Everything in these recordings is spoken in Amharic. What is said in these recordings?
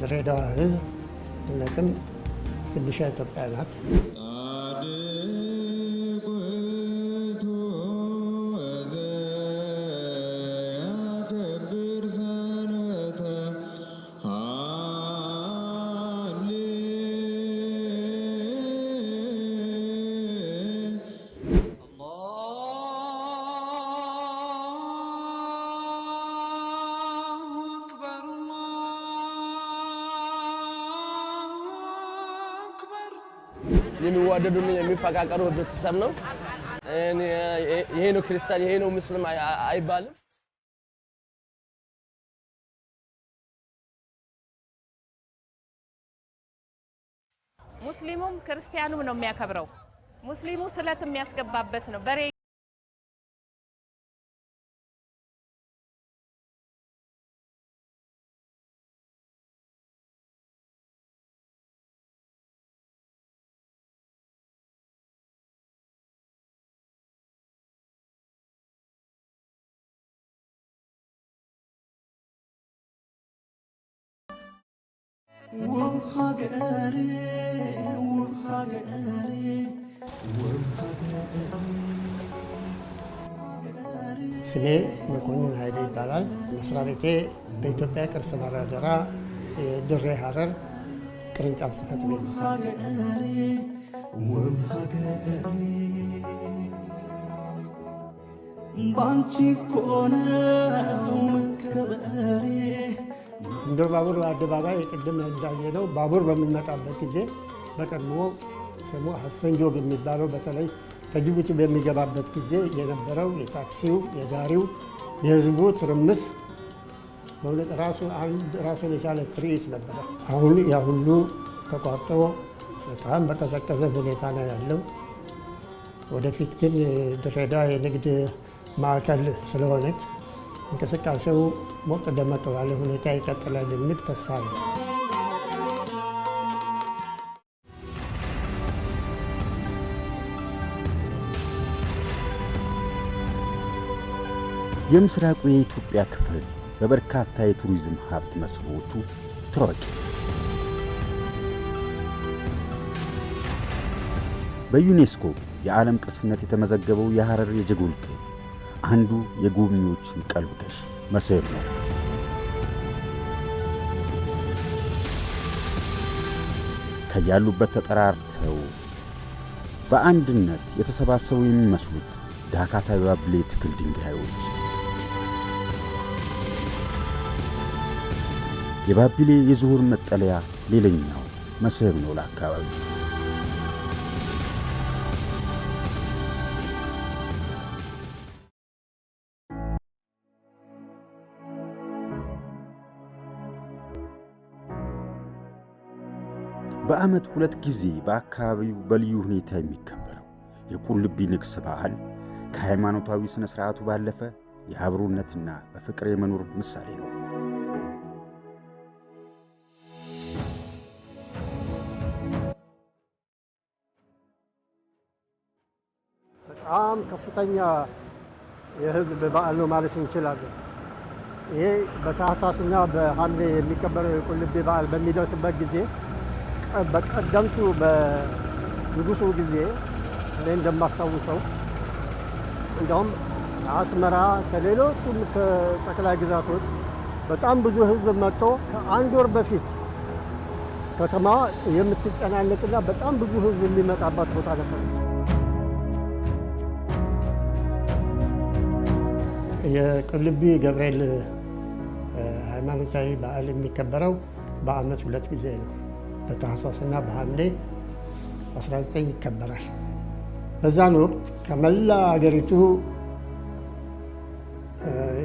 የድሬዳዋ ህዝብ እውነትም ትንሿ ኢትዮጵያ ናት። የሚዋደዱና የሚፈቃቀሩ ቤተሰብ ነው። ይሄ ነው ክርስቲያን፣ ይሄ ነው ሙስሊም አይባልም። ሙስሊሙም ክርስቲያኑም ነው የሚያከብረው። ሙስሊሙ ስለት የሚያስገባበት ነው በሬ ስሜ መኮንን ኃይሌ ይባላል። መስሪያ ቤቴ በኢትዮጵያ ቅርስ ባለአደራ የድሬ ሀረር ቅርንጫፍ ጽሕፈት ቤት ነው። ባንቺ ኮነ መከበሬ እንደ ባቡር አደባባይ ቅድም እንዳየነው ባቡር በሚመጣበት ጊዜ በቀድሞ ስሙ ሀሰንጆ የሚባለው በተለይ ከጅቡቲ በሚገባበት ጊዜ የነበረው የታክሲው፣ የጋሪው፣ የህዝቡ ትርምስ በእውነት ራሱን የቻለ ትርኢት ነበረ። አሁን ያ ሁሉ ተቋርጦ በጣም በቀዘቀዘ ሁኔታ ነው ያለው። ወደፊት ግን ድሬዳዋ የንግድ ማዕከል ስለሆነች እንቅስቃሴው ሞቅ ደመቅ ባለ ሁኔታ ይቀጥላል የሚል ተስፋ አለ። የምስራቁ የኢትዮጵያ ክፍል በበርካታ የቱሪዝም ሀብት መስህቦቹ ታዋቂ በዩኔስኮ የዓለም ቅርስነት የተመዘገበው የሐረር የጀጎል አንዱ የጎብኚዎችን ቀልብ ገዢ መስህብ ነው። ከያሉበት ተጠራርተው በአንድነት የተሰባሰቡ የሚመስሉት ዳካታ ባብሌ ትክል ድንጋዮች የባቢሌ የዝሆን መጠለያ ሌላኛው መስህብ ነው ለአካባቢው። በዓመት ሁለት ጊዜ በአካባቢው በልዩ ሁኔታ የሚከበረው የቁልቢ ንግሥ በዓል ከሃይማኖታዊ ሥነ ሥርዓቱ ባለፈ የአብሮነትና በፍቅር የመኖር ምሳሌ ነው። በጣም ከፍተኛ የህዝብ በዓል ነው ማለት እንችላለን። ይሄ በታህሳስና በሐምሌ የሚከበረው የቁልቢ በዓል በሚደርስበት ጊዜ በቀደምቱ በንጉሱ ጊዜ እኔ እንደማስታውሰው እንዲሁም አስመራ ከሌሎቹም ከጠቅላይ ግዛቶች በጣም ብዙ ህዝብ መጥቶ ከአንድ ወር በፊት ከተማ የምትጨናነቅና በጣም ብዙ ህዝብ የሚመጣባት ቦታ ነበር። የቅልቢ ገብርኤል ሃይማኖታዊ በዓል የሚከበረው በዓመት ሁለት ጊዜ ነው። በታህሳስና በሐምሌ 19 ይከበራል። በዛን ወቅት ከመላ አገሪቱ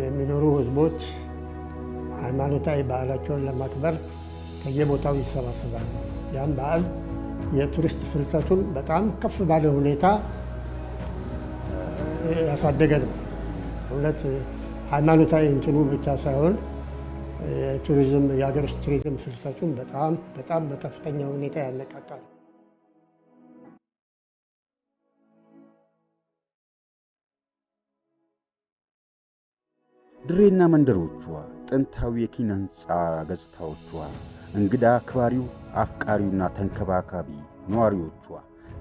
የሚኖሩ ህዝቦች ሃይማኖታዊ በዓላቸውን ለማክበር ከየቦታው ይሰባሰባሉ። ያም በዓል የቱሪስት ፍልሰቱን በጣም ከፍ ባለ ሁኔታ ያሳደገ ነው። እውነት ሃይማኖታዊ እንትኑ ብቻ ሳይሆን ቱሪዝም የሀገር ውስጥ ቱሪዝም ፍልሰቱን በጣም በጣም በከፍተኛ ሁኔታ ያነቃቃል። ድሬና መንደሮቿ፣ ጥንታዊ የኪነ ህንፃ ገጽታዎቿ፣ እንግዳ አክባሪው አፍቃሪውና ተንከባካቢ ነዋሪዎቿ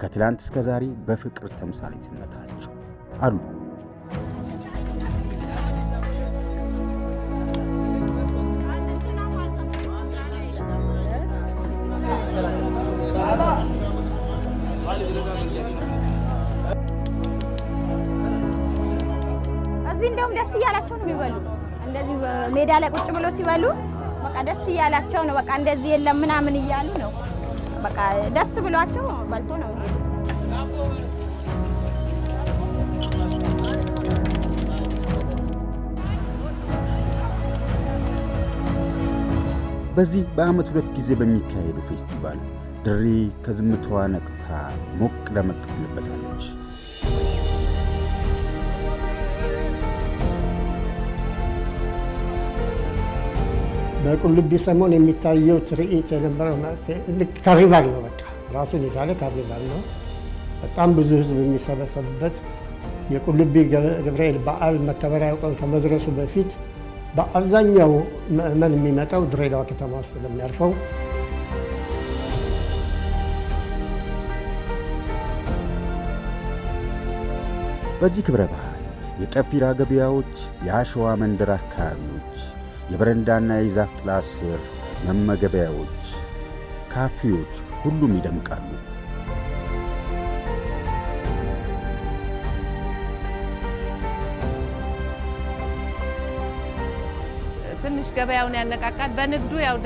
ከትላንት እስከ ዛሬ በፍቅር ተምሳሌትነታቸው አሉ። ፍሬውም ደስ እያላቸው ነው የሚበሉ። እንደዚህ ሜዳ ላይ ቁጭ ብሎ ሲበሉ በቃ ደስ እያላቸው ነው። በቃ እንደዚህ የለም ምናምን እያሉ ነው። በቃ ደስ ብሏቸው በልቶ ነው በዚህ በዓመት ሁለት ጊዜ በሚካሄዱ ፌስቲቫል ድሬ ከዝምታዋ ነቅታ ሞቅ ደመቅ ትልበታለች። በቁልቢ ሰሞን የሚታየው ትርኢት የነበረው ልክ ካርኒቫል ነው። በቃ ራሱን የቻለ ካርኒቫል ነው። በጣም ብዙ ህዝብ የሚሰበሰብበት የቁልቢ ገብርኤል በዓል መከበሪያ ቀን ከመድረሱ በፊት በአብዛኛው ምዕመን የሚመጣው ድሬዳዋ ከተማ ውስጥ ለሚያርፈው በዚህ ክብረ በዓል የቀፊራ ገበያዎች፣ የአሸዋ መንደር አካባቢዎች የበረንዳና የዛፍ ጥላ ስር መመገቢያዎች፣ ካፌዎች፣ ሁሉም ይደምቃሉ። ትንሽ ገበያውን ያነቃቃል። በንግዱ ያው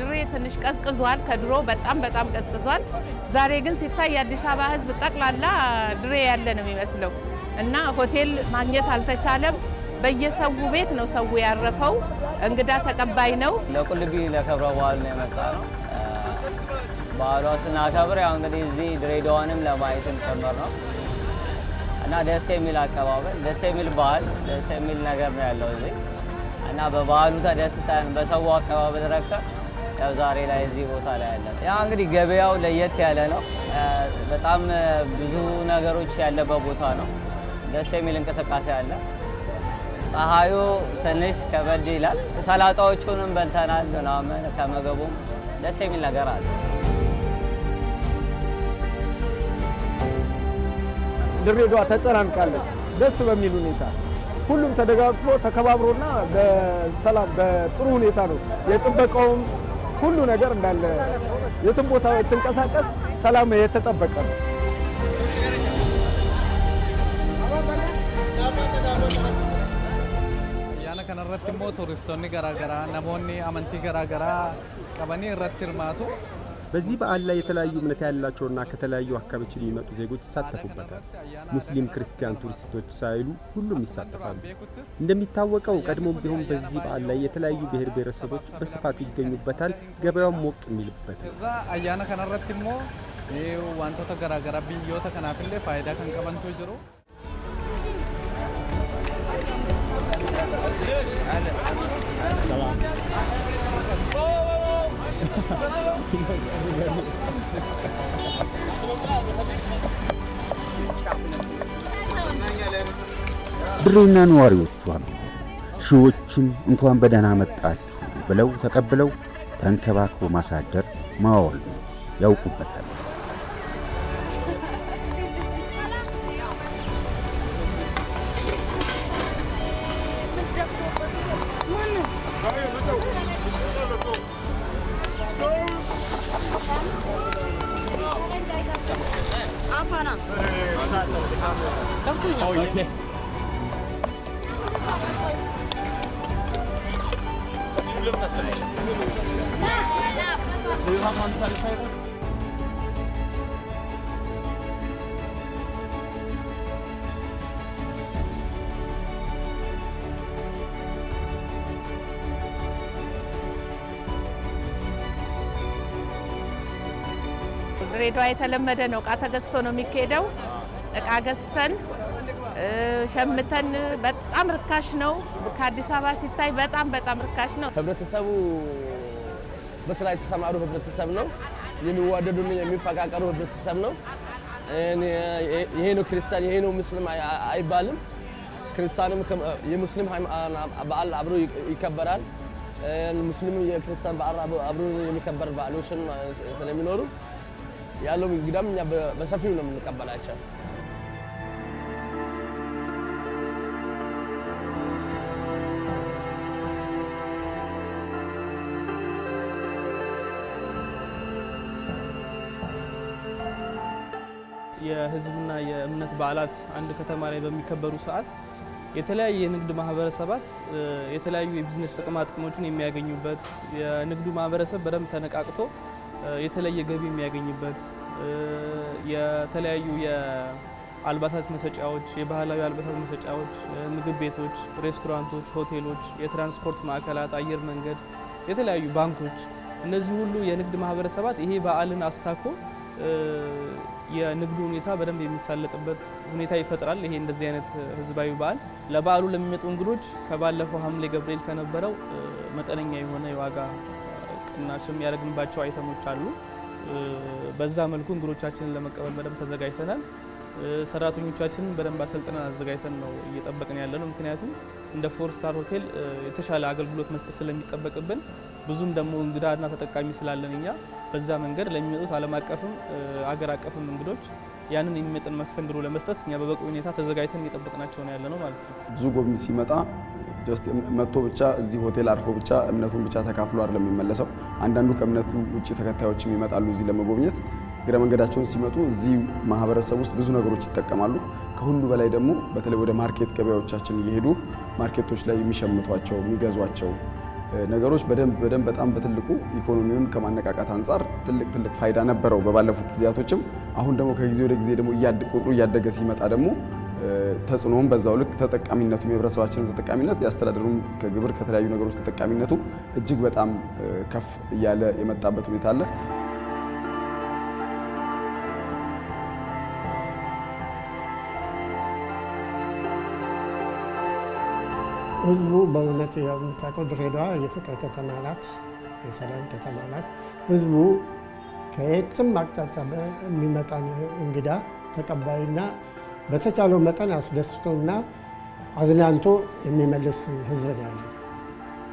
ድሬ ትንሽ ቀዝቅዟል፣ ከድሮ በጣም በጣም ቀዝቅዟል። ዛሬ ግን ሲታይ የአዲስ አበባ ሕዝብ ጠቅላላ ድሬ ያለ ነው የሚመስለው እና ሆቴል ማግኘት አልተቻለም። በየሰው ቤት ነው ሰው ያረፈው። እንግዳ ተቀባይ ነው። ለቁልቢ ለክብረ በዓል ነው የመጣ ነው። በዓሏ ስናከብር ያው እንግዲህ እዚህ ድሬዳዋንም ለማየትም ጭምር ነው እና ደስ የሚል አቀባበል፣ ደስ የሚል በዓል፣ ደስ የሚል ነገር ነው ያለው እዚህ እና በበዓሉ ተደስተን በሰው አቀባበል ረከብ ያው ዛሬ ላይ እዚህ ቦታ ላይ ያለ ያ እንግዲህ ገበያው ለየት ያለ ነው። በጣም ብዙ ነገሮች ያለበት ቦታ ነው። ደስ የሚል እንቅስቃሴ አለ። ፀሐዩ ትንሽ ከበድ ይላል። ሰላጣዎቹንም በልተናል ምናምን ከመገቡም ደስ የሚል ነገር አለ። ድሬዳዋ ተጨናንቃለች። ደስ በሚል ሁኔታ ሁሉም ተደጋግፎ ተከባብሮና በሰላም በጥሩ ሁኔታ ነው የጥበቀውም ሁሉ ነገር እንዳለ የትም ቦታ ትንቀሳቀስ ሰላም የተጠበቀ ነው። irratti immoo tuuristoonni garaagaraa namoonni amantii garaagaraa qabanii irratti hirmaatu። በዚህ በዓል ላይ የተለያዩ እምነት ያላቸውና ከተለያዩ አካባቢዎች የሚመጡ ዜጎች ይሳተፉበታል። ሙስሊም፣ ክርስቲያን፣ ቱሪስቶች ሳይሉ ሁሉም ይሳተፋሉ። እንደሚታወቀው ቀድሞም ቢሆን በዚህ በዓል ላይ የተለያዩ ብሔር ብሔረሰቦች በስፋት ይገኙበታል። ገበያውም ሞቅ የሚልበት ነው። አያነ ከነረት ሞ ዋንቶተ ገራገራ ብዮተ ከናፍሌ ፋይዳ ከንቀበንቶ ጅሮ ሰላም ድሬና ነዋሪዎቿም ሺዎችን እንኳን በደህና መጣችሁ ብለው ተቀብለው ተንከባክቦ ማሳደር ማዋል ያውቁበታል። ድሬዳዋ የተለመደ ነው። እቃ ተገዝቶ ነው የሚካሄደው። እቃ ገዝተን ሸምተን በጣም ርካሽ ነው። ከአዲስ አበባ ሲታይ በጣም በጣም ርካሽ ነው። ህብረተሰቡ በስራ የተሰማሩ ህብረተሰብ ነው። የሚዋደዱና የሚፈቃቀሩ ህብረተሰብ ነው። ይሄ ነው ክርስቲያን፣ ይሄ ነው ሙስሊም አይባልም። ክርስቲያንም የሙስሊም በዓል አብሮ ይከበራል። ሙስሊም የክርስቲያን በዓል አብሮ የሚከበር በዓሎችን ስለሚኖሩ ያለው እንግዳም እኛ በሰፊው ነው የምንቀበላቸው። የህዝብና የእምነት በዓላት አንድ ከተማ ላይ በሚከበሩ ሰዓት የተለያዩ የንግድ ማህበረሰባት የተለያዩ የቢዝነስ ጥቅማ ጥቅሞችን የሚያገኙበት የንግዱ ማህበረሰብ በደንብ ተነቃቅቶ የተለየ ገቢ የሚያገኝበት የተለያዩ የአልባሳት መሰጫዎች፣ የባህላዊ አልባሳት መሰጫዎች፣ ምግብ ቤቶች፣ ሬስቶራንቶች፣ ሆቴሎች፣ የትራንስፖርት ማዕከላት፣ አየር መንገድ፣ የተለያዩ ባንኮች፣ እነዚህ ሁሉ የንግድ ማህበረሰባት ይሄ በዓልን አስታኮ የንግዱ ሁኔታ በደንብ የሚሳለጥበት ሁኔታ ይፈጥራል። ይሄ እንደዚህ አይነት ህዝባዊ በዓል ለበዓሉ ለሚመጡ እንግዶች ከባለፈው ሐምሌ ገብርኤል ከነበረው መጠነኛ የሆነ የዋጋ ቅናሽ የሚያደርግንባቸው አይተሞች አሉ። በዛ መልኩ እንግዶቻችንን ለመቀበል በደንብ ተዘጋጅተናል። ሰራተኞቻችንን በደንብ አሰልጥነን አዘጋጅተን ነው እየጠበቅን ያለ ነው። ምክንያቱም እንደ ፎር ስታር ሆቴል የተሻለ አገልግሎት መስጠት ስለሚጠበቅብን ብዙም ደግሞ እንግዳና ተጠቃሚ ስላለን እኛ በዛ መንገድ ለሚመጡት ዓለም አቀፍም አገር አቀፍም እንግዶች ያንን የሚመጥን መስተንግዶ ለመስጠት እኛ በበቂ ሁኔታ ተዘጋጅተን እየጠበቅናቸው ነው ያለ ነው ማለት ነው። ብዙ ጎብኝ ሲመጣ ጀስት መጥቶ ብቻ እዚህ ሆቴል አርፎ ብቻ እምነቱን ብቻ ተካፍሎ አይደለም የሚመለሰው። አንዳንዱ ከእምነቱ ውጭ ተከታዮችም ይመጣሉ እዚህ ለመጎብኘት። እግረ መንገዳቸውን ሲመጡ እዚህ ማህበረሰብ ውስጥ ብዙ ነገሮች ይጠቀማሉ። ከሁሉ በላይ ደግሞ በተለይ ወደ ማርኬት ገበያዎቻችን እየሄዱ ማርኬቶች ላይ የሚሸምቷቸው የሚገዟቸው ነገሮች በደንብ በደንብ በጣም በትልቁ ኢኮኖሚውን ከማነቃቃት አንጻር ትልቅ ትልቅ ፋይዳ ነበረው በባለፉት ጊዜያቶችም። አሁን ደግሞ ከጊዜ ወደ ጊዜ ደግሞ ቁጥሩ እያደገ ሲመጣ ደግሞ ተጽዕኖውን በዛው ልክ ተጠቃሚነቱም የህብረተሰባችንም ተጠቃሚነት ያስተዳደሩም ከግብር ከተለያዩ ነገሮች ተጠቃሚነቱ እጅግ በጣም ከፍ እያለ የመጣበት ሁኔታ አለ። ህዝቡ በእውነት የምታውቀው ድሬዳዋ የፍቅር ከተማ ናት፣ የሰላም ከተማ ናት። ህዝቡ ከየትም አቅጣጫ የሚመጣን እንግዳ ተቀባይና በተቻለው መጠን አስደስቶና አዝናንቶ የሚመልስ ህዝብ ነው ያለ።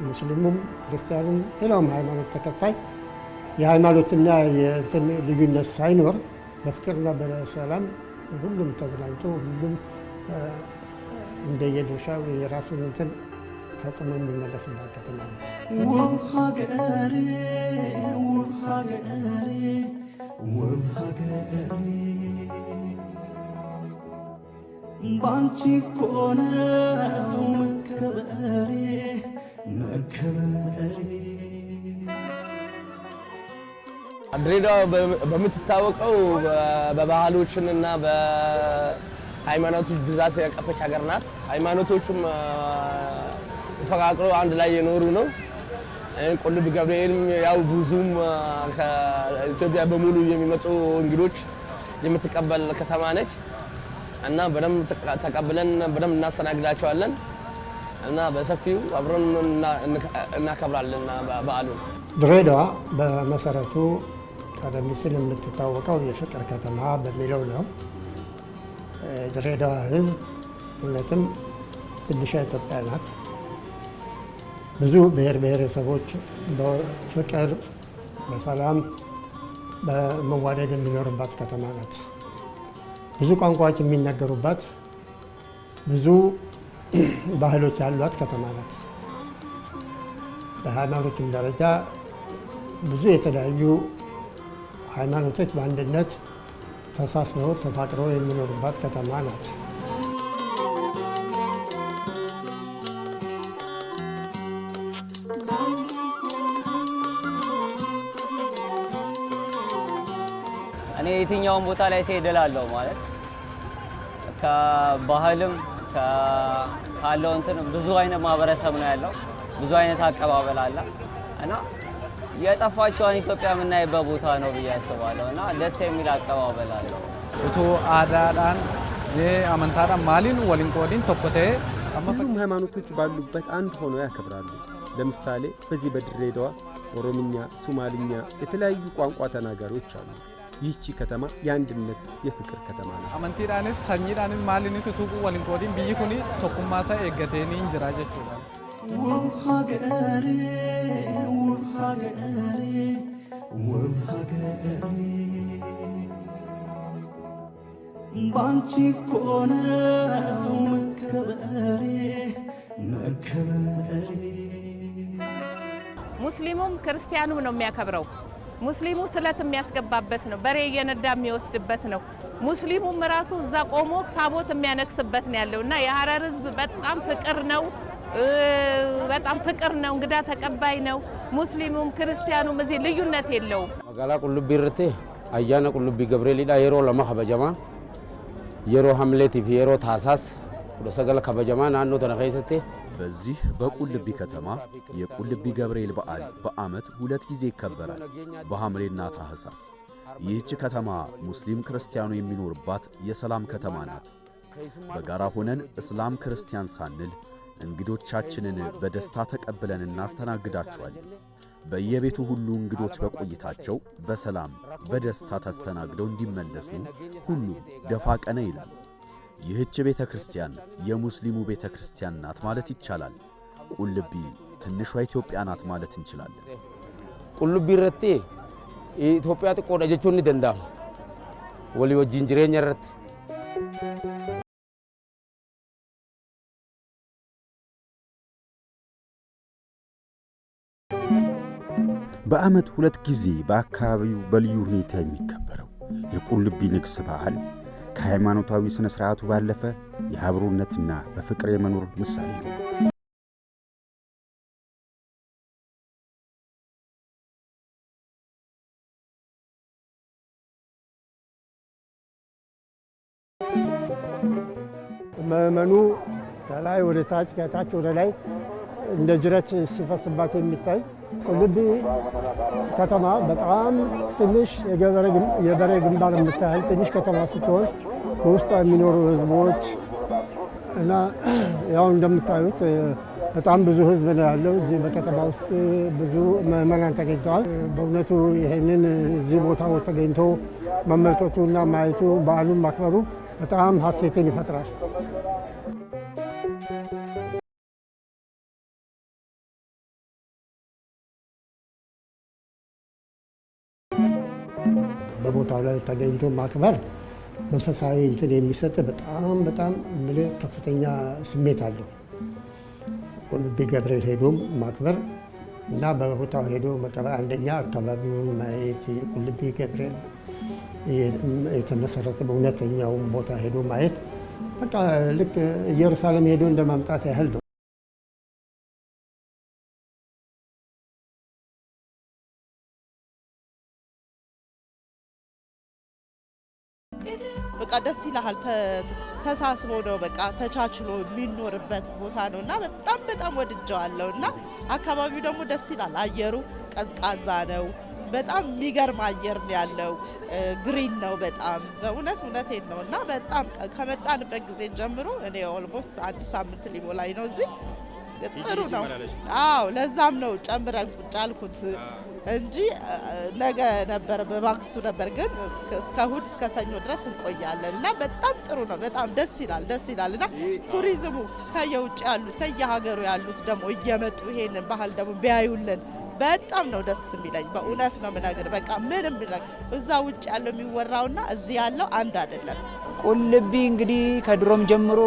ሙስሊሙም፣ ክርስቲያኑም ሌላውም ሃይማኖት ተከታይ የሃይማኖትና የእንትን ልዩነት ሳይኖር በፍቅርና በሰላም ሁሉም ተዝናንቶ ሁሉም እንደየድርሻው የራሱን እንትን ፈጽሞ የሚመለስበት ከተማ ነች። ባንቺ ኮነ መከበሬ መከበሬ ድሬዳዋ በምትታወቀው በባህሎችንና ሃይማኖቶች ብዛት ያቀፈች ሀገር ናት። ሃይማኖቶቹም ተፈቃቅሮ አንድ ላይ የኖሩ ነው። ቁልቢ ገብርኤልም ያው ብዙም ከኢትዮጵያ በሙሉ የሚመጡ እንግዶች የምትቀበል ከተማ ነች እና በደንብ ተቀብለን በደንብ እናስተናግዳቸዋለን እና በሰፊው አብረን እናከብራለን በዓሉን። ድሬዳዋ በመሰረቱ ቀደም ሲል የምትታወቀው የፍቅር ከተማ በሚለው ነው። የድሬዳዋ ህዝብ እውነትም ትንሿ ኢትዮጵያ ናት። ብዙ ብሔር ብሔረሰቦች በፍቅር በሰላም በመዋደድ የሚኖርባት ከተማ ናት። ብዙ ቋንቋዎች የሚነገሩባት ብዙ ባህሎች ያሏት ከተማ ናት። በሃይማኖትም ደረጃ ብዙ የተለያዩ ሃይማኖቶች በአንድነት ተሳስበው ተፋቅሮ የሚኖሩባት ከተማ ናት። እኔ የትኛውን ቦታ ላይ ስሄድ እላለሁ ማለት ከባህልም ካለው እንትን ብዙ አይነት ማህበረሰብ ነው ያለው። ብዙ አይነት አቀባበል አለ እና የጠፋቸውን ኢትዮጵያ የምናይበት ቦታ ነው ብዬ አስባለሁ እና ደስ የሚል አቀባበል አለው። እቱ አዳዳን የአመንታዳ ማሊን ወሊንቆዲን ቶኮቴ ሁሉም ሃይማኖቶች ባሉበት አንድ ሆኖ ያከብራሉ። ለምሳሌ በዚህ በድሬዳዋ ኦሮምኛ፣ ሶማልኛ የተለያዩ ቋንቋ ተናጋሪዎች አሉ። ይህቺ ከተማ የአንድነት የፍቅር ከተማ ነው። አመንቲዳንስ ሰኝዳንን ማሊኒስ ቱቁ ወሊንቆዲን ብይኩኒ ቶኩማሳ ኤገቴኒ እንጅራ ውብ ሀገሬ ውብ ሀገሬ ውብ ሀገሬ ባንቺ ነው መከበሬ መከበሬ። ሙስሊሙም ክርስቲያኑም ነው የሚያከብረው። ሙስሊሙ ስለት የሚያስገባበት ነው። በሬ እየነዳ የሚወስድበት ነው። ሙስሊሙም ራሱ እዛ ቆሞ ታቦት የሚያነክስበት ነው ያለው እና የሀረር ህዝብ በጣም ፍቅር ነው። በጣም ፍቅር ነው። እንግዳ ተቀባይ ነው። ሙስሊሙም ክርስቲያኑም እዚህ ልዩነት የለውም። መጋላ ቁልቢ ርቴ አያነ ቁልቢ ገብርኤልዳ የሮ ለማ ከበጀማ የሮ ሀምሌት የሮ ታሳስ ሰገለ ከበጀማ ናኖ ተነኸይሰቴ በዚህ በቁልቢ ከተማ የቁልቢ ገብርኤል በዓል በዓመት ሁለት ጊዜ ይከበራል፣ በሐምሌና ታህሳስ። ይህች ከተማ ሙስሊም ክርስቲያኑ የሚኖርባት የሰላም ከተማ ናት። በጋራ ሆነን እስላም ክርስቲያን ሳንል እንግዶቻችንን በደስታ ተቀብለን እናስተናግዳቸዋለን። በየቤቱ ሁሉ እንግዶች በቆይታቸው በሰላም በደስታ ተስተናግደው እንዲመለሱ ሁሉም ደፋ ቀና ይላል። ይህች ቤተ ክርስቲያን የሙስሊሙ ቤተ ክርስቲያን ናት ማለት ይቻላል። ቁልቢ ትንሿ ኢትዮጵያ ናት ማለት እንችላለን። ቁልቢ ረቴ ኢትዮጵያ ጥቆዳ ጀቾን ደንዳ ወሊ ወጂን ረቴ በዓመት ሁለት ጊዜ በአካባቢው በልዩ ሁኔታ የሚከበረው የቁልቢ ንግሥ በዓል ከሃይማኖታዊ ሥነ ሥርዓቱ ባለፈ የአብሮነትና በፍቅር የመኖር ምሳሌ ነው። ምዕመኑ ከላይ ወደ ታች ከታች ወደ ላይ እንደ ጅረት ሲፈስባት የሚታይ ቁልቢ ከተማ በጣም ትንሽ የበሬ ግንባር የምታያል ትንሽ ከተማ ስትሆን በውስጧ የሚኖሩ ህዝቦች እና ያው እንደምታዩት በጣም ብዙ ህዝብ ነው ያለው። እዚህ በከተማ ውስጥ ብዙ ምዕመናን ተገኝተዋል። በእውነቱ ይህንን እዚህ ቦታ ተገኝቶ መመልከቱ እና ማየቱ በዓሉን ማክበሩ በጣም ሀሴትን ይፈጥራል። ቦታው ላይ ተገኝቶ ማክበር መንፈሳዊ እንትን የሚሰጥ በጣም በጣም ምል ከፍተኛ ስሜት አለው። ቁልቢ ገብርኤል ሄዶም ማክበር እና በቦታው ሄዶ መቀበር አንደኛ አካባቢውን ማየት ቁልቢ ገብርኤል የተመሰረተ በእውነተኛውም ቦታ ሄዶ ማየት በቃ ልክ ኢየሩሳሌም ሄዶ እንደማምጣት ያህል ነው። በቃ ደስ ይላል። ተሳስቦ ነው በቃ ተቻችሎ የሚኖርበት ቦታ ነው እና በጣም በጣም ወድጀዋለሁ። እና አካባቢው ደግሞ ደስ ይላል። አየሩ ቀዝቃዛ ነው። በጣም የሚገርም አየር ነው ያለው። ግሪን ነው በጣም በእውነት እውነቴን ነው። እና በጣም ከመጣንበት ጊዜ ጀምሮ እኔ ኦልሞስት አንድ ሳምንት ሊሞላኝ ነው እዚህ። ጥሩ ነው። አዎ ለዛም ነው ጨምረን ቁጭ አልኩት። እንጂ ነገ ነበረ በማግስቱ ነበር። ግን እስከ እሁድ እስከ ሰኞ ድረስ እንቆያለን እና በጣም ጥሩ ነው። በጣም ደስ ይላል፣ ደስ ይላል እና ቱሪዝሙ ከየውጭ ያሉት ከየሀገሩ ያሉት ደግሞ እየመጡ ይሄንን ባህል ደግሞ ቢያዩልን በጣም ነው ደስ የሚለኝ። በእውነት ነው የምነግር። በቃ ምንም እዛ ውጭ ያለው የሚወራውና እዚህ ያለው አንድ አይደለም። ቁልቢ እንግዲህ ከድሮም ጀምሮ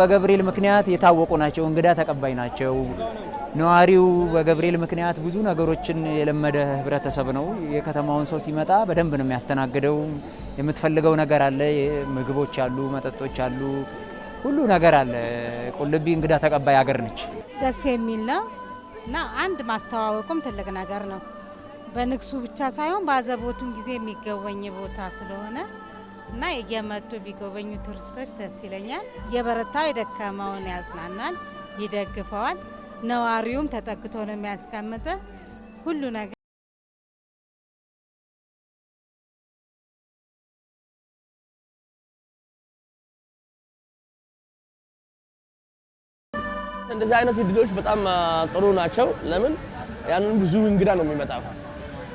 በገብርኤል ምክንያት የታወቁ ናቸው። እንግዳ ተቀባይ ናቸው። ነዋሪው በገብርኤል ምክንያት ብዙ ነገሮችን የለመደ ህብረተሰብ ነው። የከተማውን ሰው ሲመጣ በደንብ ነው የሚያስተናግደው። የምትፈልገው ነገር አለ፣ ምግቦች አሉ፣ መጠጦች አሉ፣ ሁሉ ነገር አለ። ቁልቢ እንግዳ ተቀባይ ሀገር ነች። ደስ የሚል ነው እና አንድ ማስተዋወቁም ትልቅ ነገር ነው። በንግሱ ብቻ ሳይሆን በአዘቦቱም ጊዜ የሚገወኝ ቦታ ስለሆነ እና እየመጡ ቢጎበኙ ቱሪስቶች ደስ ይለኛል። የበረታው የደከመውን ያጽናናል፣ ይደግፈዋል። ነዋሪውም ተጠግቶ ነው የሚያስቀምጥ ሁሉ ነገር እንደዚህ አይነት እድሎች በጣም ጥሩ ናቸው። ለምን ያንን ብዙ እንግዳ ነው የሚመጣው።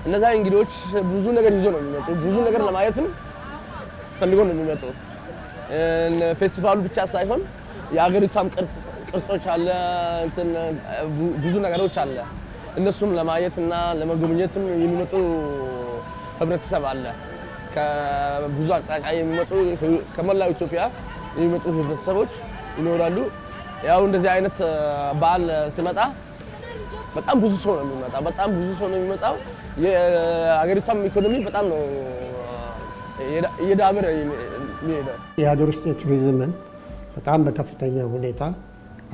እነዛ እንግዶች ብዙ ነገር ይዞ ነው የሚመጡ። ብዙ ነገር ለማየትም ፈልጎ ነው የሚመጡ። ፌስቲቫሉ ብቻ ሳይሆን የሀገሪቷም ቅርስ ቅርሶች አለ፣ ብዙ ነገሮች አለ። እነሱም ለማየት እና ለመጎብኘትም የሚመጡ ህብረተሰብ አለ። ከብዙ አቅጣጫ የሚመጡ ከመላው ኢትዮጵያ የሚመጡ ህብረተሰቦች ይኖራሉ። ያው እንደዚህ አይነት በዓል ሲመጣ በጣም ብዙ ሰው ነው የሚመጣው። በጣም ብዙ ሰው ነው የሚመጣው። የሀገሪቷም ኢኮኖሚ በጣም ነው እየዳበረ የሚሄደው። የሀገር ውስጥ የቱሪዝምን በጣም በከፍተኛ ሁኔታ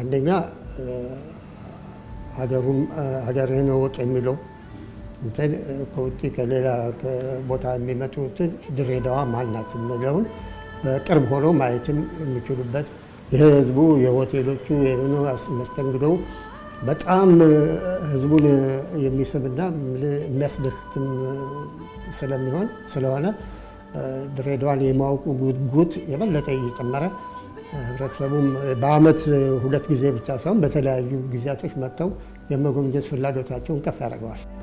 አንደኛ ሀገርህን እወቅ የሚለው እንትን ከውጭ ከሌላ ቦታ የሚመጡትን ድሬዳዋ ማናት የሚለውን በቅርብ ሆኖ ማየትም የሚችሉበት ይሄ ህዝቡ የሆቴሎቹ የሆኑ መስተንግዶው በጣም ህዝቡን የሚስብና የሚያስደስትም ስለሚሆን ስለሆነ ድሬዳዋን የማወቁ ጉጉት የበለጠ እየጨመረ ህብረተሰቡም በአመት ሁለት ጊዜ ብቻ ሳይሆን በተለያዩ ጊዜያቶች መጥተው የመጎብኘት ፍላጎታቸውን ከፍ ያደርገዋል።